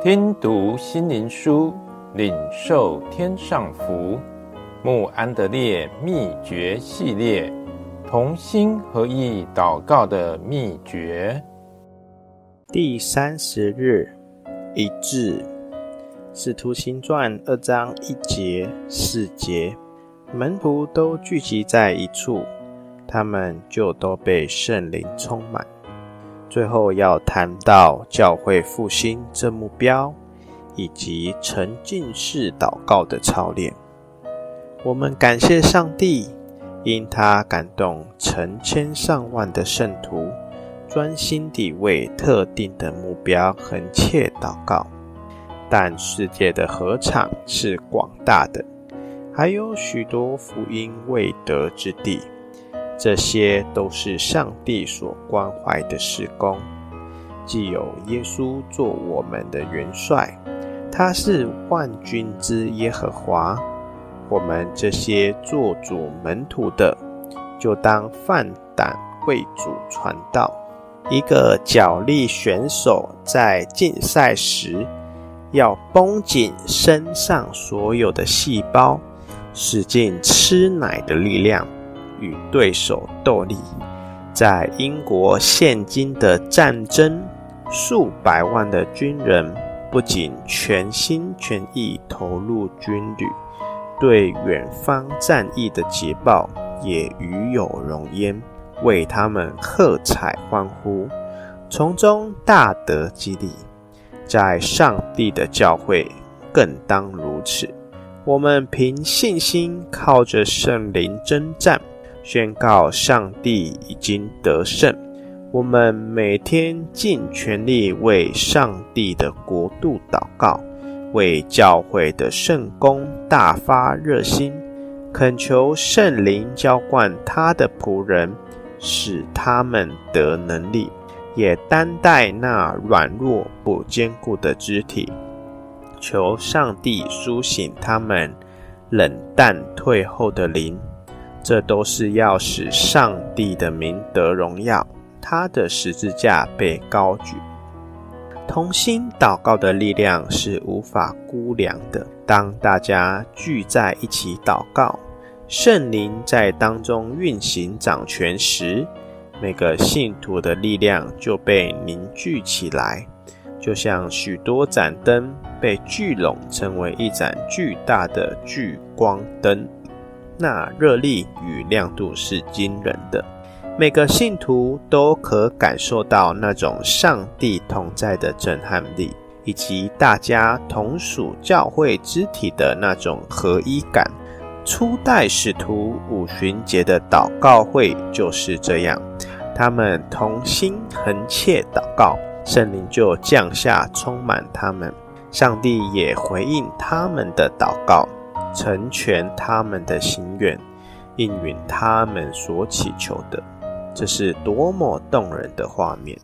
聽讀心靈書，領受天上福。慕安德烈秘訣系列，同心合意禱告的秘訣。第三十日，一致，使徒行傳二章一節四節，門徒都聚集在一處，他們就都被聖靈充滿。最後要談到教會復興這目標，以及沉浸式禱告的操練。我們感謝上帝，因他感動成千上萬的聖徒，專心地為特定的目標恆切禱告。但世界的禾場是廣大的，還有許多福音未得之地。這些都是上帝所關懷的事工。既有耶穌做我們的元帥，他是萬軍之耶和華，我們這些做主門徒的，就當放膽為主傳道。一個角力選手在競賽時，要繃緊身上所有的細胞，使盡吃奶的力量。與對手鬥力。在英國現今的戰爭，數百萬的軍人不僅全心全意投入軍旅，對遠方戰役的捷報也與有榮焉，為他們喝彩歡呼，從中大得激勵。在上帝的教會，更當如此。我們憑信心，靠着聖靈爭戰。宣告上帝已經得勝。我們每天盡全力為上帝的國度禱告，為教會的聖工大發熱心，懇求聖靈澆灌灌他的僕人，使他們得能力，也擔待那軟弱不堅固的肢體，求上帝甦醒他們冷淡退後的靈。這都是要使上帝的名得榮耀，他的十字架被高舉。同心禱告的力量是無法估量的。當大家聚在一起禱告，聖靈在當中運行掌權時，每個信徒的力量就被凝聚起來，就像許多盞燈被聚攏成為一盞巨大的聚光燈。那熱力與亮度是驚人的，每個信徒都可感受到那種上帝同在的震撼力，以及大家同屬教會肢體的那種合一感。初代使徒五旬節的禱告會就是這樣，他們同心恆切禱告，聖靈就降下充滿他們，上帝也回應他們的禱告。成全他們的心願，應允他們所祈求的，這是多麼動人的畫面！